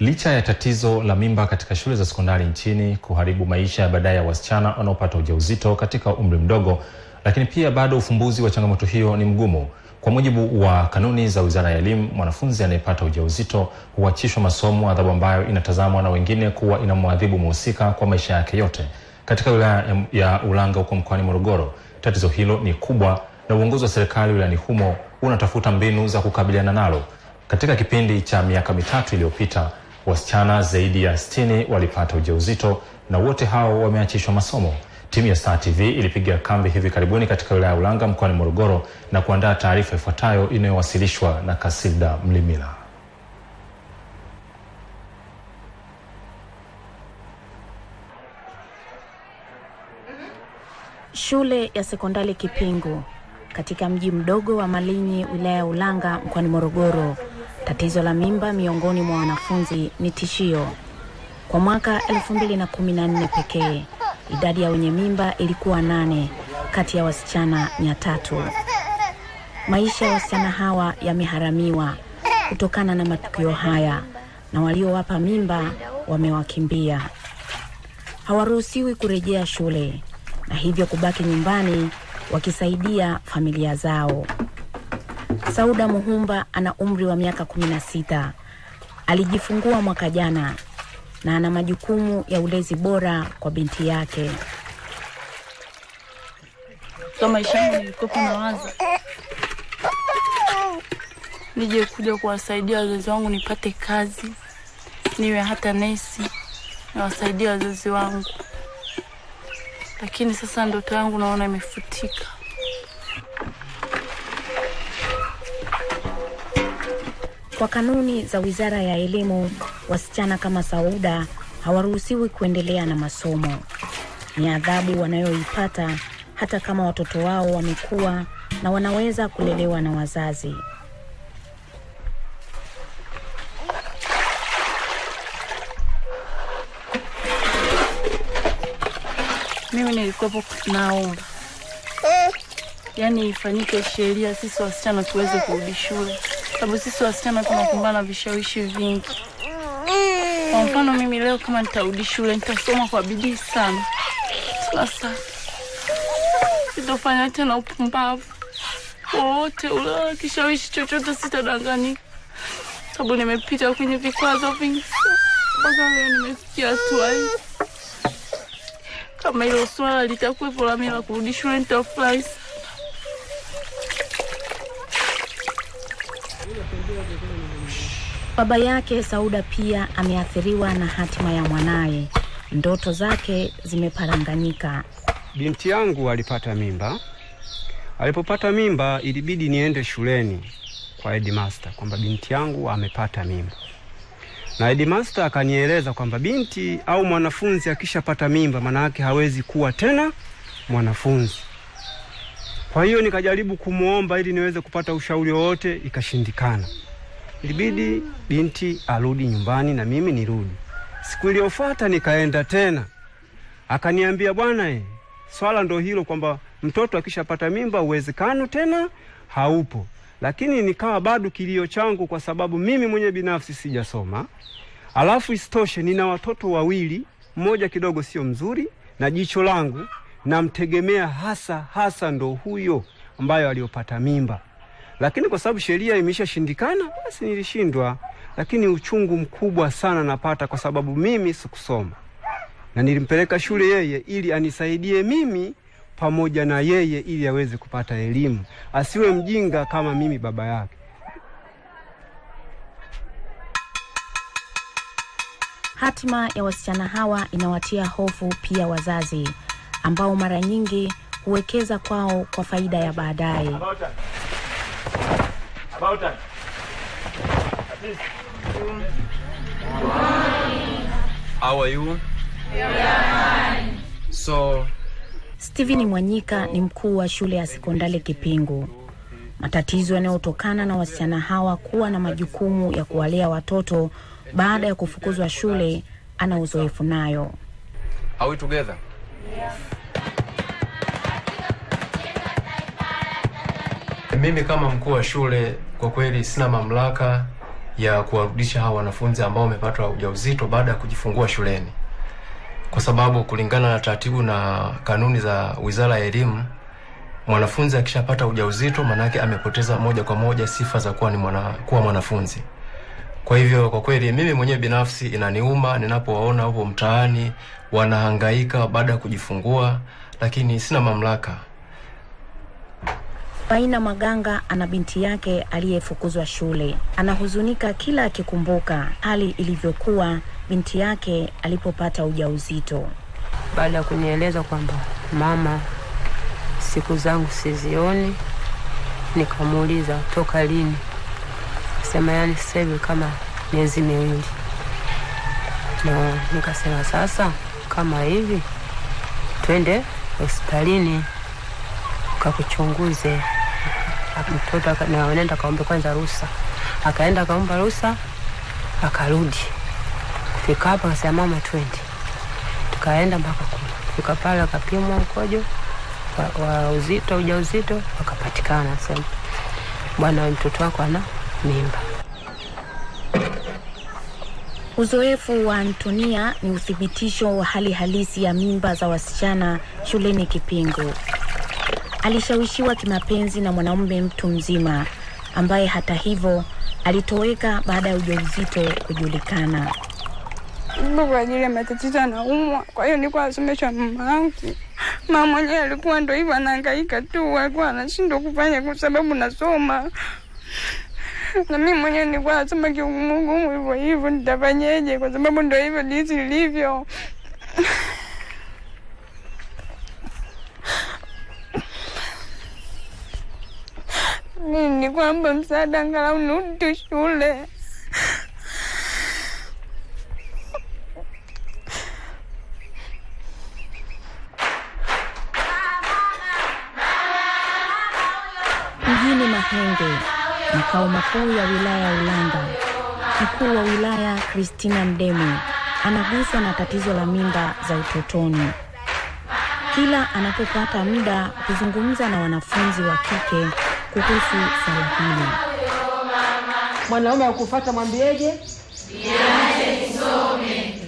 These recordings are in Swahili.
Licha ya tatizo la mimba katika shule za sekondari nchini kuharibu maisha ya baadaye ya wasichana wanaopata ujauzito katika umri mdogo, lakini pia bado ufumbuzi wa changamoto hiyo ni mgumu. Kwa mujibu wa kanuni za Wizara ya Elimu, mwanafunzi anayepata ujauzito huachishwa masomo, adhabu ambayo inatazamwa na wengine kuwa inamwadhibu mhusika kwa maisha yake yote. Katika wilaya ya Ulanga huko mkoani Morogoro, tatizo hilo ni kubwa na uongozi wa serikali wilayani humo unatafuta mbinu za kukabiliana nalo. Katika kipindi cha miaka mitatu iliyopita wasichana zaidi ya 60 walipata ujauzito na wote hao wameachishwa masomo. Timu ya Star TV ilipiga kambi hivi karibuni katika wilaya ya Ulanga mkoani Morogoro na kuandaa taarifa ifuatayo inayowasilishwa na Kasilda Mlimila. Shule ya sekondari Kipingu katika mji mdogo wa Malinyi wilaya ya Ulanga mkoani Morogoro Tatizo la mimba miongoni mwa wanafunzi ni tishio. Kwa mwaka 2014 pekee, idadi ya wenye mimba ilikuwa nane kati ya wasichana mia tatu. Maisha ya wasichana hawa yameharamiwa kutokana na matukio haya, na waliowapa mimba wamewakimbia. Hawaruhusiwi kurejea shule na hivyo kubaki nyumbani wakisaidia familia zao. Sauda Muhumba ana umri wa miaka 16. Alijifungua mwaka jana na ana majukumu ya ulezi bora kwa binti yake. Kwa maisha yangu nilikuwa na wazo nije kuja kuwasaidia wazazi wangu, nipate kazi, niwe hata nesi, niwasaidia wazazi wangu, lakini sasa ndoto yangu naona imefutika. Kwa kanuni za Wizara ya Elimu, wasichana kama Sauda hawaruhusiwi kuendelea na masomo. Ni adhabu wanayoipata hata kama watoto wao wamekuwa na wanaweza kulelewa na wazazi. Mimi nilikuwepo naomba eh. yaani ifanyike sheria, sisi wasichana tuweze kurudi shule sababu sisi wasichana tunakumbana na vishawishi vingi. Kwa mfano mimi leo kama nitarudi shule nitasoma kwa bidii sana, sasa sitofanya tena upumbavu wowote ule, kishawishi chochote sitadangani sababu nimepita kwenye vikwazo vingi mpaka leo nimesikia hatua hii. Kama hilo swala litakuwepo la mimi la kurudi shule nitafurahi Baba yake Sauda pia ameathiriwa na hatima ya mwanaye, ndoto zake zimeparanganyika. Binti yangu alipata mimba. Alipopata mimba, ilibidi niende shuleni kwa headmaster kwamba binti yangu amepata mimba, na headmaster akanieleza kwamba binti au mwanafunzi akishapata mimba, maana yake hawezi kuwa tena mwanafunzi. Kwa hiyo nikajaribu kumwomba ili niweze kupata ushauri wowote, ikashindikana ilibidi binti arudi nyumbani na mimi nirudi. Siku iliyofuata nikaenda tena, akaniambia bwana, e, swala ndo hilo kwamba mtoto akishapata mimba uwezekano tena haupo. Lakini nikawa bado kilio changu, kwa sababu mimi mwenye binafsi sijasoma, alafu isitoshe nina watoto wawili, mmoja kidogo sio mzuri na jicho langu namtegemea hasa hasa ndo huyo ambayo aliyopata mimba lakini kwa sababu sheria imeshashindikana, basi nilishindwa. Lakini uchungu mkubwa sana napata kwa sababu mimi sikusoma, na nilimpeleka shule yeye ili anisaidie mimi pamoja na yeye, ili aweze kupata elimu, asiwe mjinga kama mimi baba yake. Hatima ya wasichana hawa inawatia hofu pia wazazi ambao mara nyingi huwekeza kwao kwa faida ya baadaye. About How are you? So Steven Mwanyika ni mkuu wa shule ya sekondari Kipingu. Matatizo yanayotokana na wasichana hawa kuwa na majukumu ya kuwalea watoto baada ya kufukuzwa shule ana uzoefu nayo. Are we together? mimi kama mkuu wa shule kwa kweli sina mamlaka ya kuwarudisha hawa wanafunzi ambao wamepata ujauzito baada ya kujifungua shuleni, kwa sababu kulingana na taratibu na kanuni za Wizara ya Elimu, mwanafunzi akishapata ujauzito manake amepoteza moja kwa moja sifa za kuwa ni mwana, kuwa mwanafunzi. Kwa hivyo kwa kweli mimi mwenyewe binafsi inaniuma ninapowaona huko mtaani wanahangaika baada ya kujifungua, lakini sina mamlaka Faina Maganga ana binti yake aliyefukuzwa shule. Anahuzunika kila akikumbuka hali ilivyokuwa binti yake alipopata ujauzito. Baada ya kunieleza kwamba mama, siku zangu sizioni, nikamuuliza toka lini? Sema yani sasa hivi kama miezi miwili. Na nikasema sasa kama hivi, twende hospitalini kakuchunguze akamkuta na wanaenda kaombe kwanza ruhusa, akaenda kaomba ruhusa, akarudi. Kufika hapa kasema mama, twende. Tukaenda mpaka kule, kufika pale akapimwa mkojo wa, wa uzito, ujauzito, akapatikana, sema bwana, mtoto wako ana mimba. Uzoefu wa Antonia ni uthibitisho wa hali halisi ya mimba za wasichana shuleni Kipingo. Alishawishiwa kimapenzi na mwanaume mtu mzima ambaye hata hivyo alitoweka baada ya ujauzito kujulikana. Baba kwa ajili ya matatizo anaumwa, kwa hiyo nilikuwa nasomeshwa mama yangu. Mama mwenyewe alikuwa ndo hivyo anahangaika tu, alikuwa anashindwa kufanya kwa sababu nasoma na mimi mwenyewe nilikuwa nasoma kiugumu hivyo hivyo, nitafanyeje? Kwa sababu ndo hivyo jinsi ilivyo. nini kwamba msaada angalau nirudi shule. Mjini Mahenge, makao makuu ya wilaya ya Ulanga, mkuu wa wilaya kristina Mdemu anaguswa na tatizo la mimba za utotoni. Kila anapopata muda kuzungumza na wanafunzi wa kike kuhusu sala hili. Mwanaume akufata mwambieje? Niache nisome.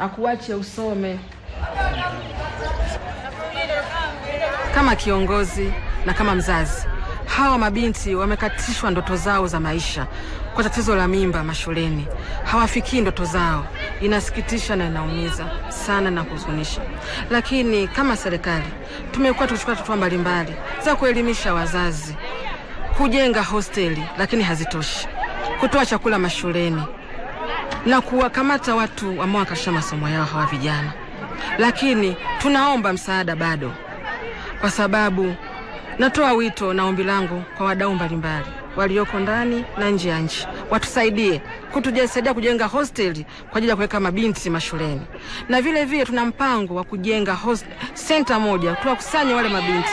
Akuache usome. Kama kiongozi na kama mzazi Hawa mabinti wamekatishwa ndoto zao za maisha kwa tatizo la mimba mashuleni, hawafikii ndoto zao. Inasikitisha na inaumiza sana na kuhuzunisha, lakini kama serikali tumekuwa tukichukua hatua mbalimbali za kuelimisha wazazi, kujenga hosteli, lakini hazitoshi, kutoa chakula mashuleni na kuwakamata watu ambao wakasha masomo yao, hawa vijana. Lakini tunaomba msaada bado, kwa sababu Natoa wito na ombi langu kwa wadau mbalimbali walioko ndani na nje ya nchi watusaidie kutujasaidia kujenga hosteli kwa ajili ya kuweka mabinti mashuleni, na vile vile tuna mpango wa kujenga host moja tuwakusanya wale mabinti.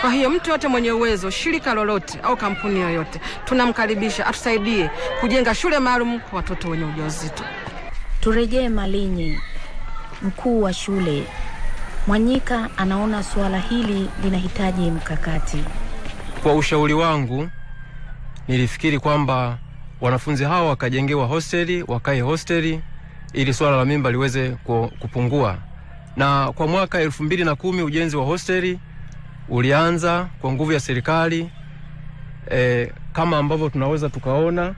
Kwa hiyo mtu yote mwenye uwezo, shirika lolote au kampuni yoyote, tunamkaribisha atusaidie kujenga shule maalum kwa watoto wenye ujauzito. Turejee Malinyi, mkuu wa shule Mwanyika anaona suala hili linahitaji mkakati. Kwa ushauri wangu, nilifikiri kwamba wanafunzi hawa wakajengewa hosteli, wakae hosteli ili swala la mimba liweze kupungua. Na kwa mwaka elfu mbili na kumi ujenzi wa hosteli ulianza kwa nguvu ya serikali e, kama ambavyo tunaweza tukaona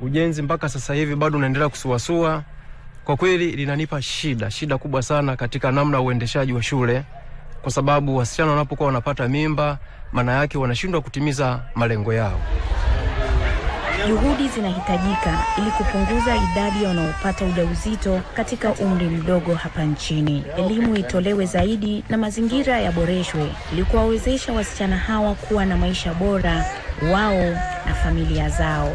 ujenzi mpaka sasa hivi bado unaendelea kusuasua kwa kweli linanipa shida shida kubwa sana katika namna uendeshaji wa shule, kwa sababu wasichana wanapokuwa wanapata mimba, maana yake wanashindwa kutimiza malengo yao. Juhudi zinahitajika ili kupunguza idadi ya wanaopata ujauzito katika umri mdogo hapa nchini. Elimu itolewe zaidi na mazingira yaboreshwe ili kuwawezesha wasichana hawa kuwa na maisha bora wao na familia zao.